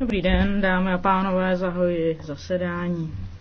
Dobrý den, dámy a pánové, zahajuji zasedání.